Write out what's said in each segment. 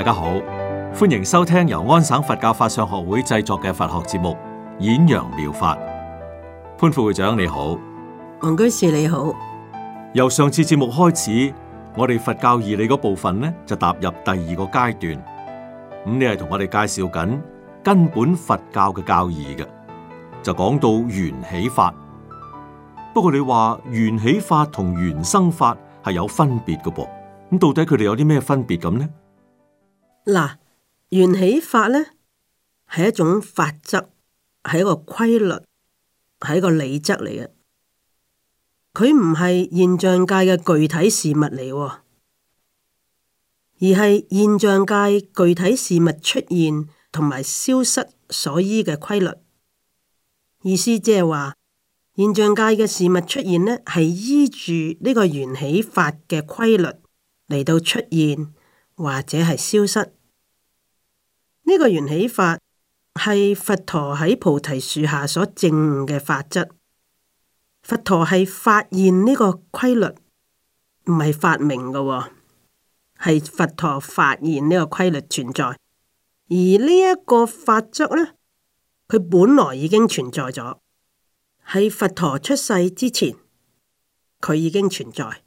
大家好，歡迎收聽由安省佛教法相學會製作嘅佛學節目《演揚妙法》。潘副會長你好，王居士你好。由上次節目開始，我哋佛教義理嗰部分咧就踏入第二個階段。咁你係同我哋介紹緊根本佛教嘅教義嘅，就講到緣起法。不過你話緣起法同緣生法係有分別嘅噃？咁到底佢哋有啲咩分別咁呢？嗱，緣起法咧係一種法則，係一個規律，係一個理則嚟嘅。佢唔係現象界嘅具體事物嚟，而係現象界具體事物出現同埋消失所依嘅規律。意思即係話，現象界嘅事物出現咧係依住呢個緣起法嘅規律嚟到出現。或者係消失呢、這個緣起法係佛陀喺菩提樹下所證悟嘅法則，佛陀係發現呢個規律，唔係發明噶、哦，係佛陀發現呢個規律存在，而呢一個法則呢，佢本來已經存在咗，喺佛陀出世之前，佢已經存在，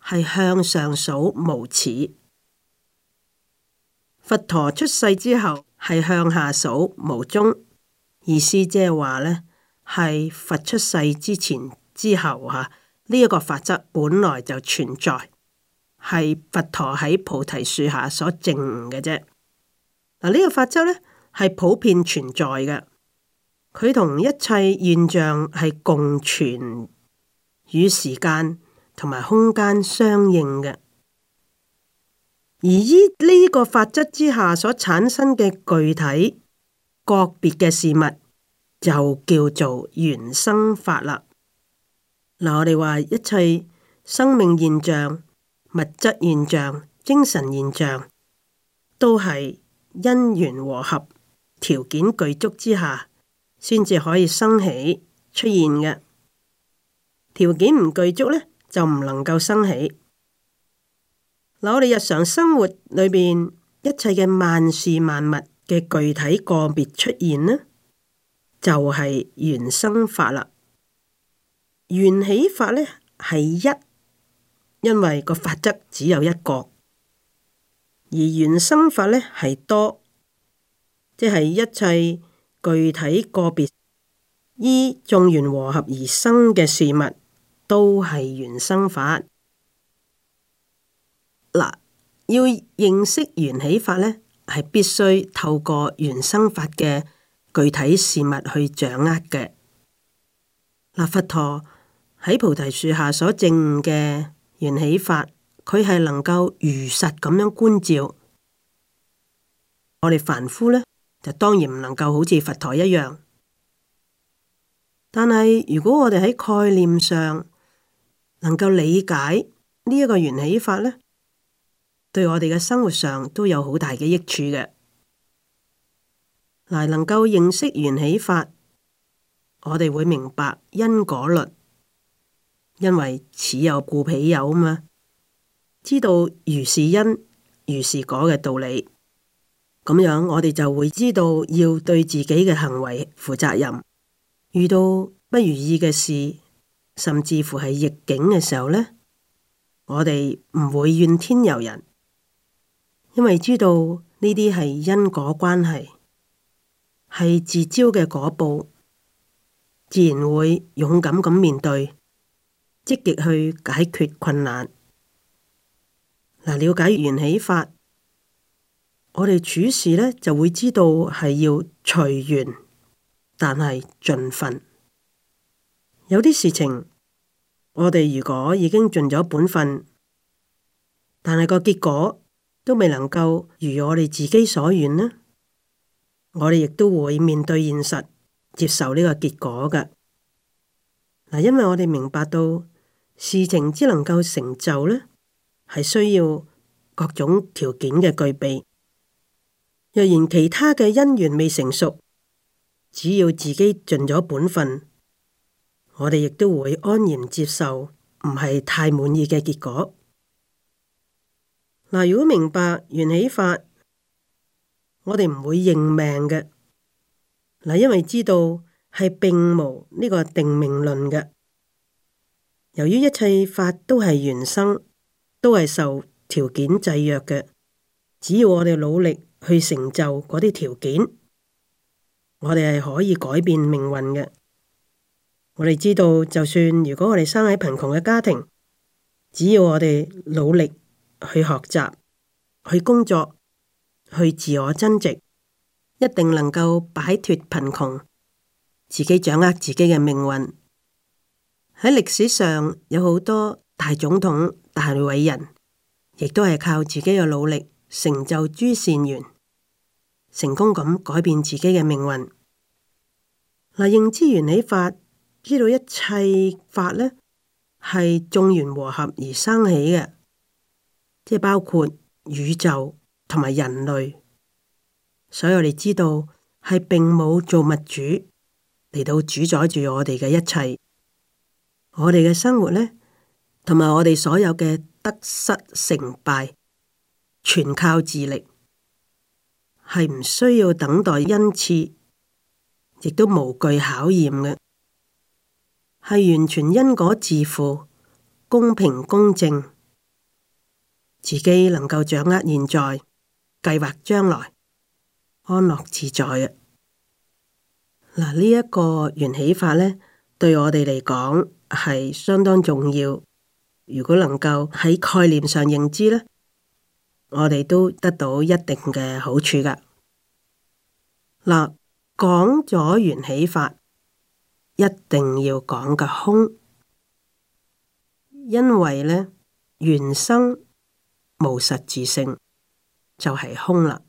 係向上數無始。佛陀出世之後，係向下數無終。意思即係話呢，係佛出世之前之後吓，呢、這、一個法則本來就存在，係佛陀喺菩提樹下所證嘅啫。嗱，呢個法則呢，係普遍存在嘅，佢同一切現象係共存，與時間同埋空間相應嘅。而依呢個法則之下所產生嘅具體個別嘅事物，就叫做原生法啦。嗱，我哋話一切生命現象、物質現象、精神現象，都係因緣和合條件具足之下，先至可以生起出現嘅。條件唔具足咧，就唔能夠生起。嗱，我哋日常生活裏邊一切嘅萬事萬物嘅具體個別出現呢，就係緣生法啦。緣起法呢，係一，因為個法則只有一個，而緣生法呢，係多，即係一切具體個別依眾緣和合而生嘅事物都係緣生法。要認識緣起法呢，係必須透過緣生法嘅具體事物去掌握嘅。嗱，佛陀喺菩提樹下所證嘅緣起法，佢係能夠如實咁樣觀照。我哋凡夫呢，就當然唔能夠好似佛陀一樣。但係如果我哋喺概念上能夠理解呢一個緣起法呢，對我哋嘅生活上都有好大嘅益處嘅，嗱，能夠認識緣起法，我哋會明白因果律，因為此有故彼有啊嘛，知道如是因如是果嘅道理，咁樣我哋就會知道要對自己嘅行為負責任。遇到不如意嘅事，甚至乎係逆境嘅時候呢，我哋唔會怨天尤人。因為知道呢啲係因果關係，係自招嘅果報，自然會勇敢咁面對，積極去解決困難。嗱，了解緣起法，我哋處事呢就會知道係要隨緣，但係盡份。有啲事情，我哋如果已經盡咗本份，但係個結果，都未能夠如我哋自己所願呢，我哋亦都會面對現實，接受呢個結果嘅。嗱。因為我哋明白到事情只能夠成就呢，係需要各種條件嘅具備。若然其他嘅因緣未成熟，只要自己盡咗本分，我哋亦都會安然接受，唔係太滿意嘅結果。嗱，如果明白緣起法，我哋唔會認命嘅。嗱，因為知道係並無呢個定命論嘅。由於一切法都係緣生，都係受條件制約嘅。只要我哋努力去成就嗰啲條件，我哋係可以改變命運嘅。我哋知道，就算如果我哋生喺貧窮嘅家庭，只要我哋努力。去學習，去工作，去自我增值，一定能夠擺脫貧窮，自己掌握自己嘅命運。喺歷史上有好多大總統、大偉人，亦都係靠自己嘅努力成就諸善緣，成功咁改變自己嘅命運。嗱，認知緣起法，知道一切法呢，係眾緣和合而生起嘅。即包括宇宙同埋人類，所以我哋知道係並冇造物主嚟到主宰住我哋嘅一切，我哋嘅生活呢，同埋我哋所有嘅得失成敗，全靠自力，係唔需要等待恩賜，亦都無懼考驗嘅，係完全因果自負，公平公正。自己能夠掌握現在，計劃將來，安樂自在啊！嗱，呢一個緣起法咧，對我哋嚟講係相當重要。如果能夠喺概念上認知咧，我哋都得到一定嘅好處噶。嗱，講咗緣起法，一定要講個空，因為咧緣生。無實質性就係、是、空啦。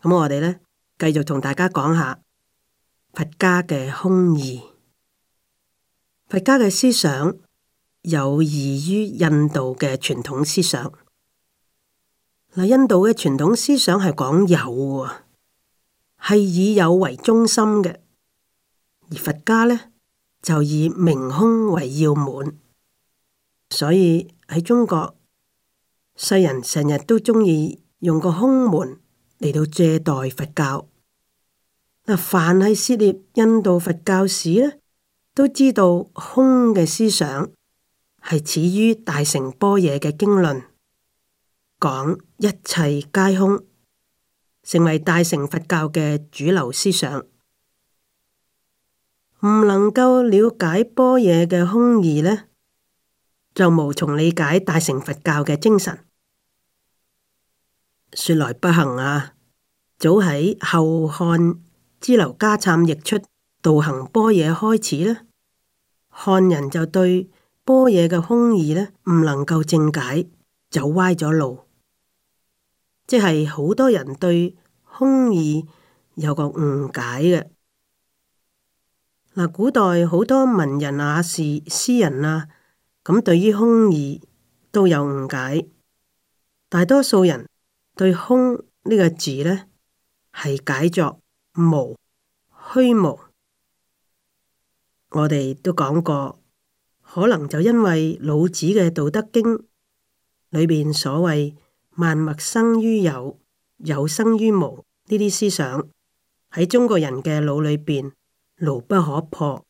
咁我哋咧繼續同大家講下佛家嘅空義。佛家嘅思想有異於印度嘅傳統思想。嗱，印度嘅傳統思想係講有，係以有為中心嘅，而佛家咧就以明空為要門，所以喺中國。世人成日都中意用個空門嚟到借代佛教，凡係涉獵印度佛教史咧，都知道空嘅思想係始於大乘般若嘅經論，講一切皆空，成為大乘佛教嘅主流思想。唔能夠了解般若嘅空義，呢就無從理解大乘佛教嘅精神。說來不幸啊，早喺後漢支婁迦讖譯出道行般若開始呢，漢人就對般若嘅空義呢唔能夠正解，走歪咗路，即係好多人對空義有個誤解嘅。嗱，古代好多文人雅士、詩人啊，咁對於空義都有誤解，大多數人。對空呢個字呢，係解作無虛無。虛無我哋都講過，可能就因為老子嘅《道德經》裏邊所謂萬物生於有，有生於無呢啲思想，喺中國人嘅腦裏邊牢不可破。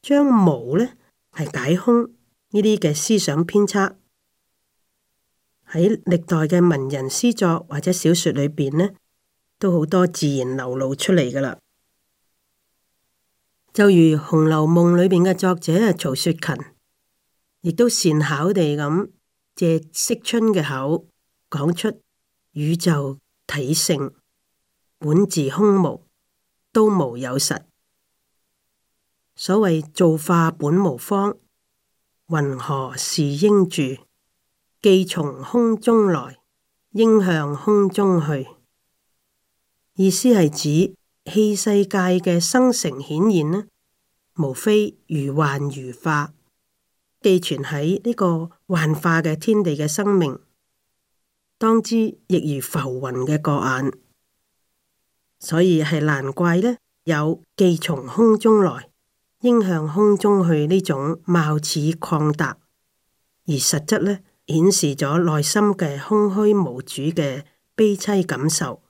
將無呢，係解空呢啲嘅思想偏差。喺歷代嘅文人詩作或者小說裏邊呢，都好多自然流露出嚟㗎喇。就如《紅樓夢》裏邊嘅作者曹雪芹，亦都善巧地咁借惜春嘅口講出宇宙體性本自空無，都無有實。所謂造化本無方，云何是應住？既從空中來，應向空中去。意思係指器世界嘅生成顯現呢，無非如幻如化，寄存喺呢個幻化嘅天地嘅生命，當之亦如浮雲嘅個眼，所以係難怪呢，有既從空中來，應向空中去呢種貌似曠達，而實質呢？顯示咗內心嘅空虛無主嘅悲淒感受。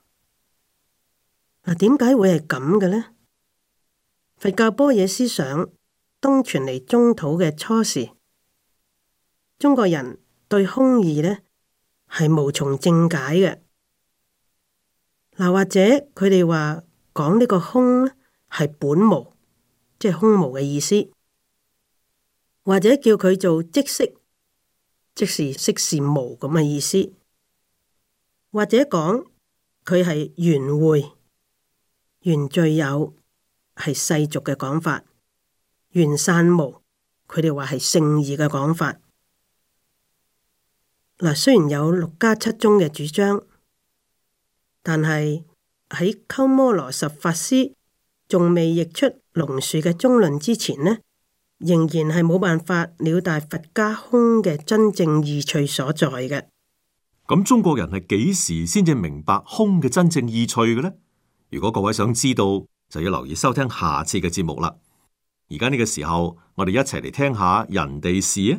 嗱、啊，點解會係咁嘅呢？佛教般若思想東傳嚟中土嘅初時，中國人對空義呢係無從正解嘅。嗱、啊，或者佢哋話講呢個空係本無，即係空無嘅意思，或者叫佢做即色。即是色是無咁嘅意思，或者講佢係緣會緣聚有，係世俗嘅講法；緣散無，佢哋話係勝義嘅講法。嗱，雖然有六家七宗嘅主張，但係喺鳩摩羅什法師仲未譯出龍樹嘅中論之前呢？仍然係冇辦法了解佛家空嘅真正意趣所在嘅。咁、嗯、中國人係幾時先至明白空嘅真正意趣嘅呢？如果各位想知道，就要留意收聽下次嘅節目啦。而家呢個時候，我哋一齊嚟聽下人哋事啊！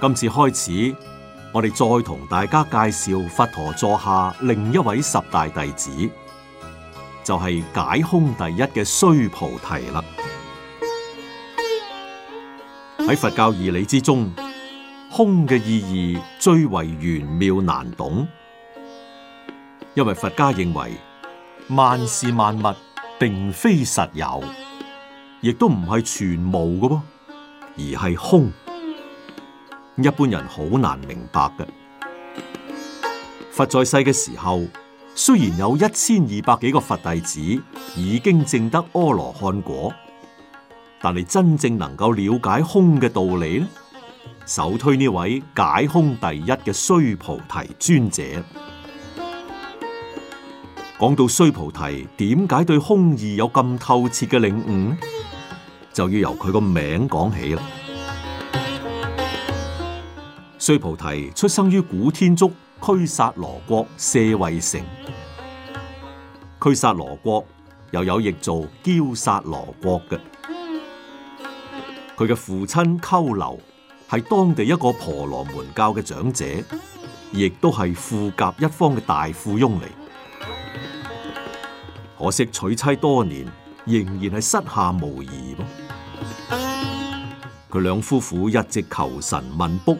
今次開始，我哋再同大家介紹佛陀座下另一位十大弟子，就係、是、解空第一嘅須菩提啦。喺佛教義理之中，空嘅意義最為玄妙難懂，因為佛家認為萬事萬物並非實有，亦都唔係全無嘅噃，而係空。一般人好難明白嘅。佛在世嘅時候，雖然有一千二百幾個佛弟子已經證得阿羅漢果，但係真正能夠了解空嘅道理呢？首推呢位解空第一嘅須菩提尊者。講到須菩提，點解對空義有咁透徹嘅領悟呢？就要由佢個名講起啦。須菩提出生於古天竺拘薩羅國舍衛城，拘薩羅國又有譯做嬌薩羅國嘅。佢嘅父親鳩留係當地一個婆羅門教嘅長者，亦都係富甲一方嘅大富翁嚟。可惜娶妻多年，仍然係膝下無兒。佢兩夫婦一直求神問卜。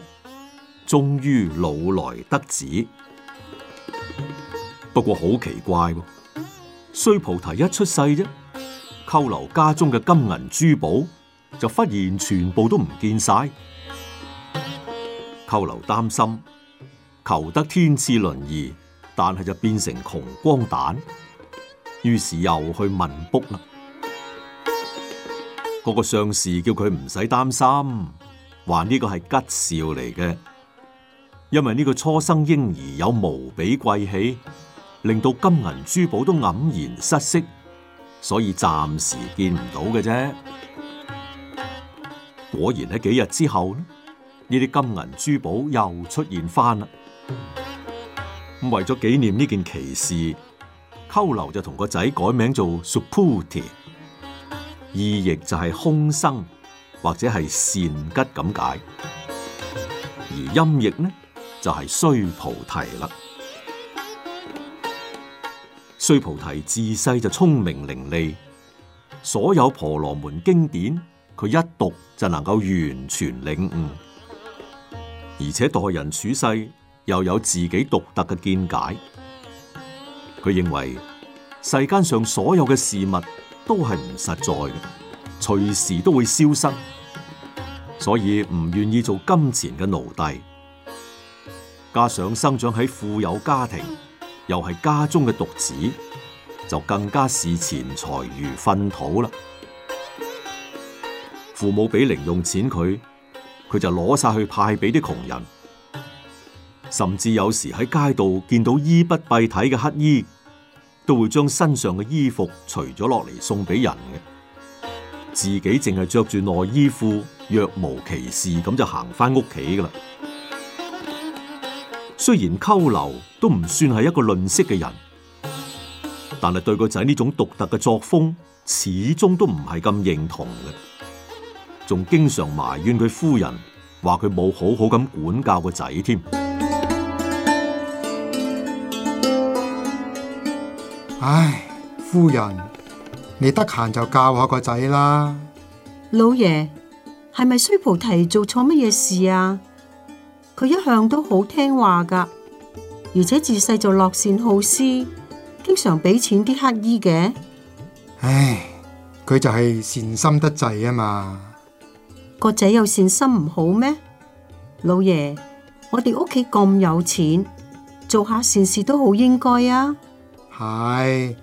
終於老來得子，不過好奇怪，須菩提一出世啫，扣留家中嘅金銀珠寶就忽然全部都唔見晒，扣留擔心求得天賜麟兒，但係就變成窮光蛋，於是又去問卜啦。嗰、那個上士叫佢唔使擔心，話呢個係吉兆嚟嘅。因為呢個初生嬰兒有無比貴氣，令到金銀珠寶都黯然失色，所以暫時見唔到嘅啫。果然喺幾日之後呢，呢啲金銀珠寶又出現翻啦。咁為咗紀念呢件奇事，溝流就同個仔改名做 Suputi，意譯就係空生或者係善吉咁解，而音譯呢？就係須菩提啦。須菩提自細就聰明伶俐，所有婆羅門經典佢一讀就能夠完全領悟，而且待人處世又有自己獨特嘅見解。佢認為世間上所有嘅事物都係唔實在嘅，隨時都會消失，所以唔願意做金錢嘅奴隸。加上生長喺富有家庭，又係家中嘅獨子，就更加視錢財如糞土啦。父母俾零用錢佢，佢就攞晒去派俾啲窮人。甚至有時喺街道見到衣不蔽體嘅乞衣，都會將身上嘅衣服除咗落嚟送俾人嘅，自己淨係着住內衣褲，若無其事咁就行翻屋企㗎啦。雖然溝流都唔算係一個吝嗇嘅人，但係對個仔呢種獨特嘅作風，始終都唔係咁認同嘅，仲經常埋怨佢夫人，話佢冇好好咁管教個仔添。唉、哎，夫人，你得閒就教下個仔啦。老爺，係咪須菩提做錯乜嘢事啊？佢一向都好聽話㗎，而且自細就樂善好施，經常俾錢啲乞兒嘅。唉，佢就係善心得滯啊嘛。個仔有善心唔好咩？老爺，我哋屋企咁有錢，做下善事都好應該啊。係，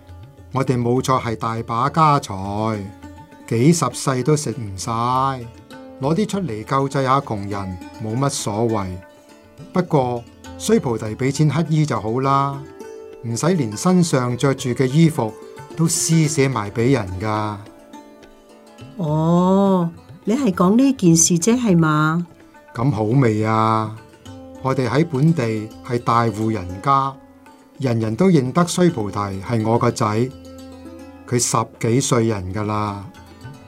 我哋冇錯，係大把家財，幾十世都食唔晒，攞啲出嚟救濟下窮人，冇乜所謂。不過須菩提俾錢乞兒就好啦，唔使連身上着住嘅衣服都施捨埋俾人噶。哦，你係講呢件事啫係嘛？咁好未啊！我哋喺本地係大戶人家，人人都認得須菩提係我個仔，佢十幾歲人噶啦，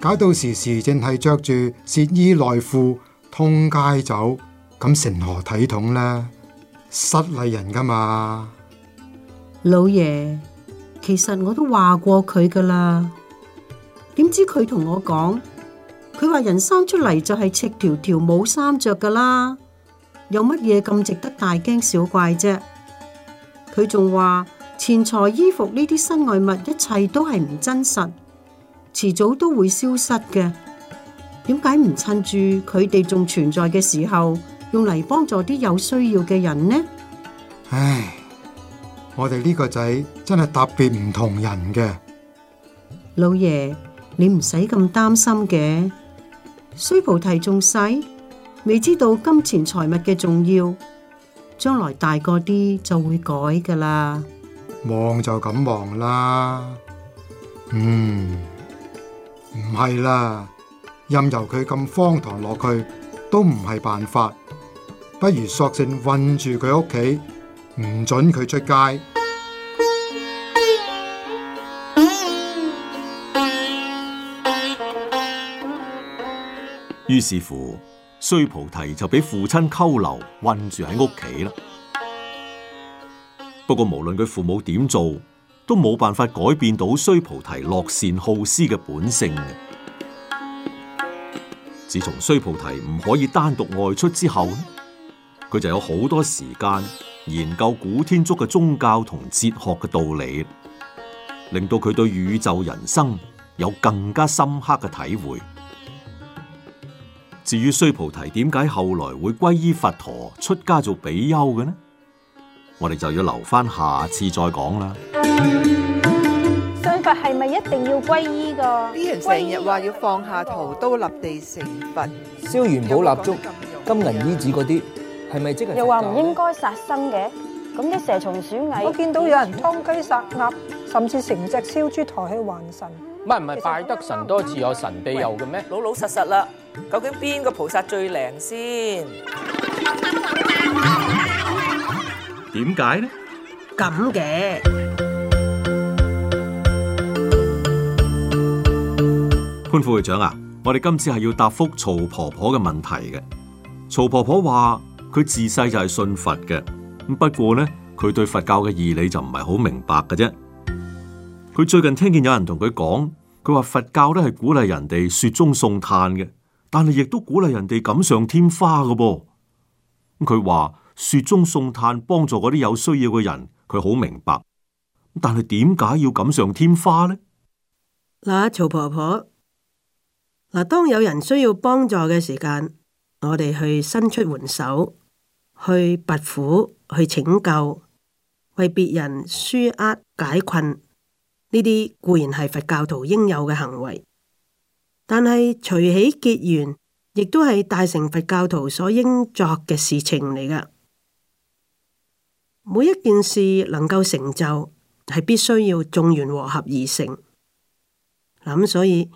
搞到時時淨係着住雪衣內褲通街走。咁成何體統咧？失禮人噶嘛，老爺，其實我都話過佢噶啦，點知佢同我講，佢話人生出嚟就係赤條條冇衫着噶啦，有乜嘢咁值得大驚小怪啫？佢仲話錢財、衣服呢啲身外物，一切都係唔真實，遲早都會消失嘅。點解唔趁住佢哋仲存在嘅時候，用嚟幫助啲有需要嘅人呢？唉，我哋呢個仔真係特別唔同人嘅。老爺，你唔使咁擔心嘅。須菩提仲細，未知道金錢財物嘅重要，將來大個啲就會改噶啦。望就咁望啦。嗯，唔係啦，任由佢咁荒唐落去都唔係辦法。不如索性困住佢屋企，唔准佢出街。於是乎，須菩提就俾父親拘留困住喺屋企啦。不過，無論佢父母點做，都冇辦法改變到須菩提樂善好施嘅本性。自從須菩提唔可以單獨外出之後。佢就有好多時間研究古天竺嘅宗教同哲學嘅道理，令到佢對宇宙人生有更加深刻嘅體會。至於須菩提點解後來會皈依佛陀出家做比丘嘅呢？我哋就要留翻下，下次再講啦。信佛係咪一定要皈依噶？啲人成日話要放下屠刀立地成佛，燒元寶蠟燭、金銀衣紙嗰啲。又話唔應該殺生嘅？咁啲蛇蟲鼠蟻，我見到有人劏雞殺鴨，甚至成隻燒豬抬去還神。唔係唔係，拜得神多自有神庇佑嘅咩？老老實實啦，究竟邊個菩薩最靈先？點解呢？咁嘅潘副會長啊，我哋今次係要答覆曹婆婆嘅問題嘅。曹婆婆話。佢自細就係信佛嘅，不過呢，佢對佛教嘅義理就唔係好明白嘅啫。佢最近聽見有人同佢講，佢話佛教都係鼓勵人哋雪中送炭嘅，但係亦都鼓勵人哋錦上添花嘅噃。佢話雪中送炭幫助嗰啲有需要嘅人，佢好明白，但係點解要錦上添花呢？嗱，曹婆婆，嗱，當有人需要幫助嘅時間，我哋去伸出援手。去拔苦、去拯救、為別人舒壓解困，呢啲固然係佛教徒應有嘅行為，但係隨起結緣，亦都係大乘佛教徒所應作嘅事情嚟㗎。每一件事能夠成就，係必須要眾緣和合而成。嗱、嗯、咁，所以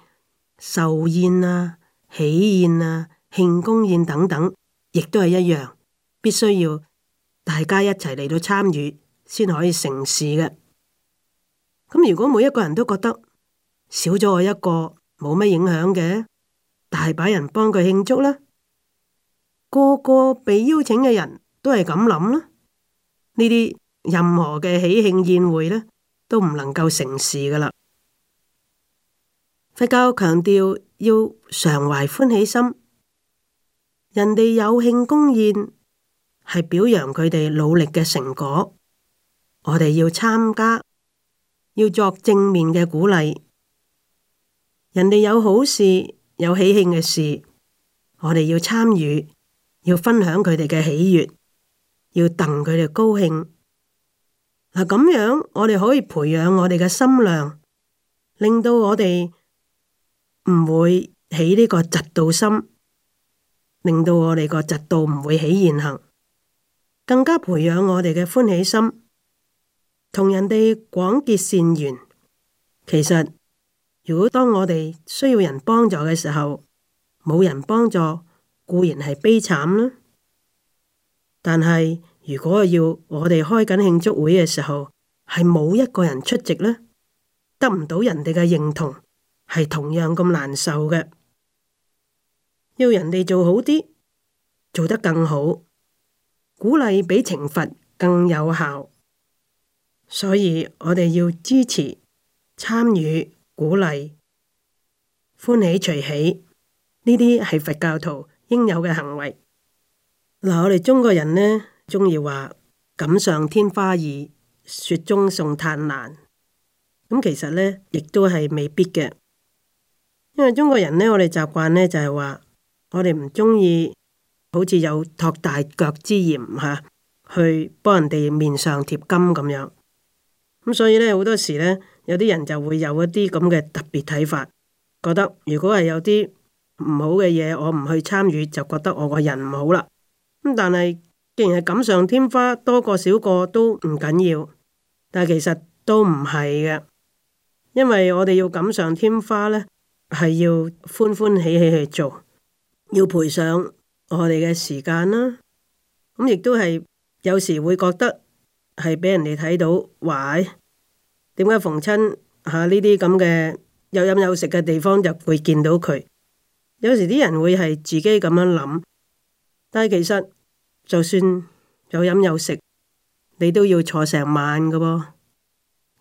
壽宴啊、喜宴啊、慶功宴等等，亦都係一樣。必須要大家一齊嚟到參與，先可以成事嘅。咁如果每一個人都覺得少咗我一個冇乜影響嘅，大把人幫佢慶祝啦，個個被邀請嘅人都係咁諗啦。呢啲任何嘅喜慶宴會呢，都唔能夠成事噶啦。佛教強調要常懷歡喜心，人哋有慶功宴。係表揚佢哋努力嘅成果，我哋要參加，要作正面嘅鼓勵。人哋有好事，有喜慶嘅事，我哋要參與，要分享佢哋嘅喜悅，要戥佢哋高興。嗱，咁樣，我哋可以培養我哋嘅心量，令到我哋唔會起呢個嫉妒心，令到我哋個嫉妒唔會起現行。更加培養我哋嘅歡喜心，同人哋廣結善緣。其實如果當我哋需要人幫助嘅時候，冇人幫助固然係悲慘啦。但係如果要我哋開緊慶祝會嘅時候，係冇一個人出席咧，得唔到人哋嘅認同，係同樣咁難受嘅。要人哋做好啲，做得更好。鼓勵比懲罰更有效，所以我哋要支持、參與、鼓勵、歡喜隨喜，呢啲係佛教徒應有嘅行為。嗱、嗯，我哋中國人呢，鍾意話錦上添花易，雪中送炭難，咁、嗯、其實呢，亦都係未必嘅，因為中國人呢，我哋習慣呢就係話我哋唔鍾意。好似有托大腳之嫌吓，去幫人哋面上貼金咁樣，咁所以呢，好多時呢，有啲人就會有一啲咁嘅特別睇法，覺得如果係有啲唔好嘅嘢，我唔去參與，就覺得我個人唔好啦。但係既然係錦上添花，多過少過都唔緊要，但係其實都唔係嘅，因為我哋要錦上添花呢，係要歡歡喜喜去做，要賠上我哋嘅時間啦，咁亦都係有時會覺得係俾人哋睇到哇。點解逢親吓呢啲咁嘅有飲有食嘅地方就會見到佢？有時啲人會係自己咁樣諗，但係其實就算有飲有食，你都要坐成晚噶噃。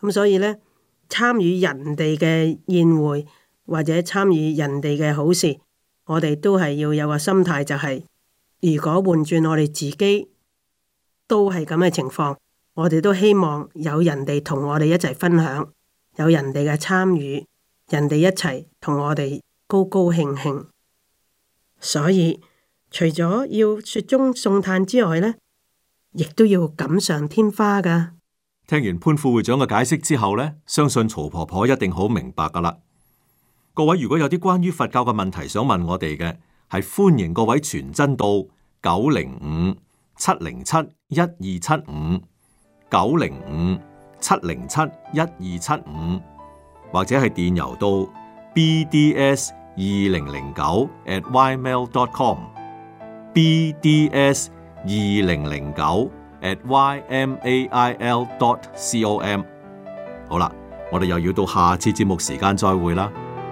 咁所以呢，參與人哋嘅宴會或者參與人哋嘅好事。我哋都係要有個心態，就是，就係如果換轉我哋自己都係咁嘅情況，我哋都希望有人哋同我哋一齊分享，有人哋嘅參與，人哋一齊同我哋高高興興。所以除咗要雪中送炭之外呢，亦都要錦上添花噶聽完潘副會長嘅解釋之後呢，相信曹婆婆一定好明白噶啦各位如果有啲關於佛教嘅問題想問我哋嘅，係歡迎各位傳真到九零五七零七一二七五九零五七零七一二七五，75, 75, 或者係電郵到 BDS 二零零九 at ymail dot com BDS 二零零九 at ymail dot com。好啦，我哋又要到下次節目時間再會啦。